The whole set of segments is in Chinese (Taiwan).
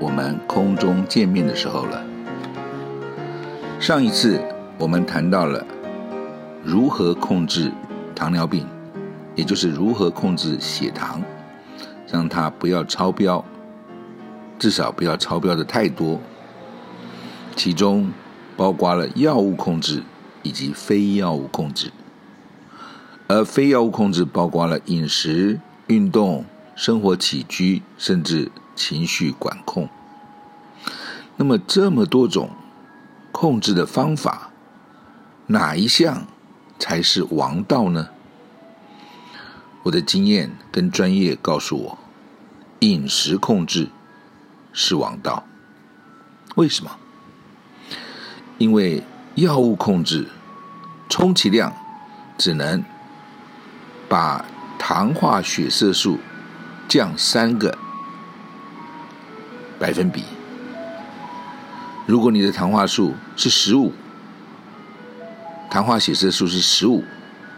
我們空中見面的時候了。上一次我們談到了如何控制糖尿病，也就是如何控制血糖，讓它不要超標，至少不要超標的太多。其中包括了藥物控制以及非藥物控制，而非藥物控制包括了飲食、運動、生活起居，甚至。情緒管控，那麼這麼多種控制的方法，哪一項才是王道呢？我的經驗跟專業告訴我，飲食控制是王道。為什麼？因為藥物控制，充其量只能把糖化血色素降三個。百分比，如果你的糖化數是十五，糖化血色素是十五，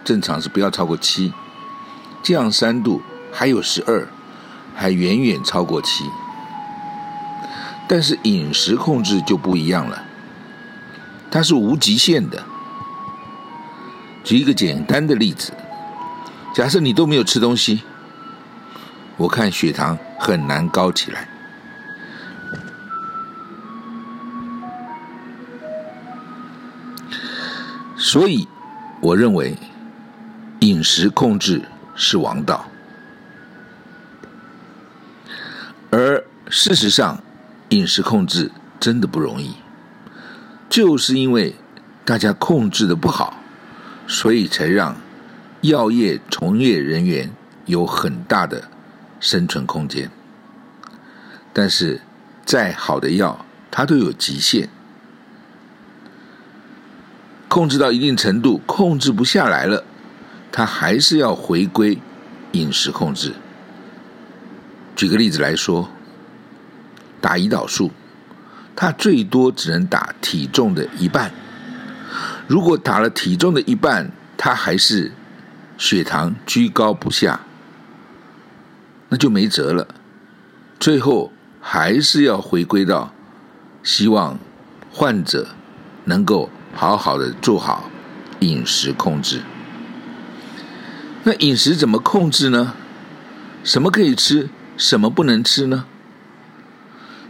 正常是不要超過七，這樣三度還有十二，還遠遠超過七。但是飲食控制就不一樣了，它是無極限的。舉一個簡單的例子，假設你都沒有吃東西，我看血糖很難高起來。所以，我認為飲食控制是王道。而事實上，飲食控制真的不容易，就是因為大家控制的不好，所以才讓藥業從業人員有很大的生存空間。但是，再好的藥，它都有極限。控制到一定程度，控制不下來了，他還是要回歸飲食控制。舉個例子來說，打胰島素，他最多只能打體重的一半。如果打了體重的一半，他還是血糖居高不下，那就沒轍了。最後還是要回歸到希望患者能夠。好好的做好飲食控制。那飲食怎麼控制呢？什麼可以吃，什麼不能吃呢？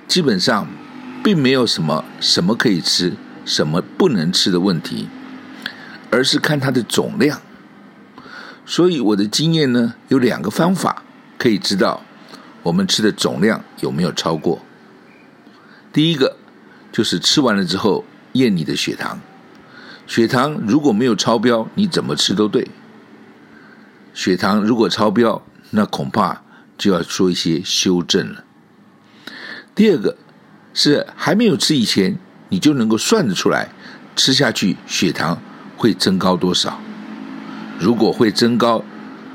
基本上並沒有什麼什麼可以吃，什麼不能吃的問題，而是看它的總量。所以我的經驗呢，有兩個方法可以知道我們吃的總量有沒有超過。第一個就是吃完了之後驗你的血糖。血糖如果沒有超標，你怎麼吃都對；血糖如果超標，那恐怕就要做一些修正了。第二個是還沒有吃以前，你就能夠算得出來，吃下去血糖會增高多少。如果會增高，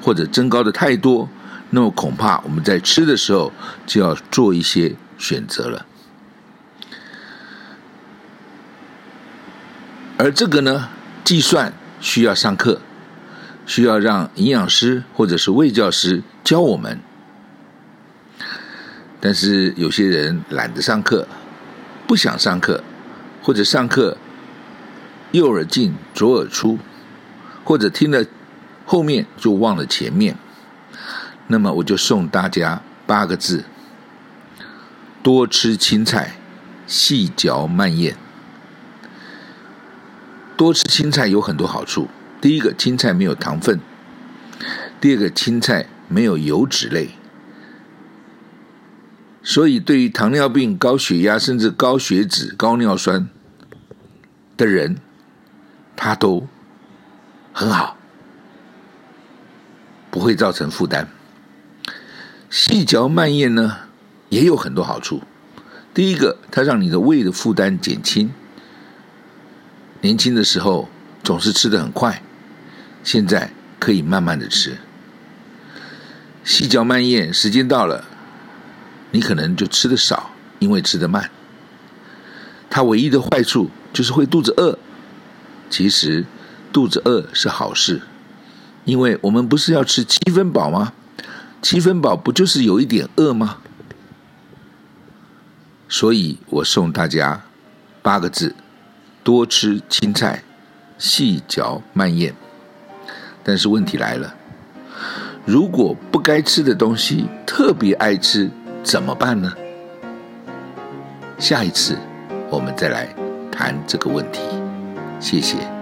或者增高的太多，那麼恐怕我們在吃的時候就要做一些選擇了。而這個呢，計算需要上課，需要讓營養師或者是衛教師教我們。但是有些人懶得上課，不想上課，或者上課右耳進左耳出，或者聽了後面就忘了前面。那麼我就送大家八個字：多吃青菜，細嚼慢嚥。多吃青菜有很多好處。第一個，青菜沒有糖分；第二個，青菜沒有油脂類。所以，對於糖尿病、高血壓，甚至高血脂、高尿酸的人，它都很好，不會造成負擔。細嚼慢咽呢，也有很多好處。第一個，它讓你的胃的負擔減輕。年輕的時候總是吃的很快，現在可以慢慢的吃，細嚼慢嚥。時間到了，你可能就吃的少，因為吃的慢。它唯一的壞處就是會肚子餓。其實肚子餓是好事，因為我們不是要吃七分飽嗎？七分飽不就是有一點餓嗎？所以我送大家八個字。多吃青菜，細嚼慢嚥。但是問題來了，如果不該吃的東西特別愛吃，怎麼辦呢？下一次我們再來談這個問題。謝謝。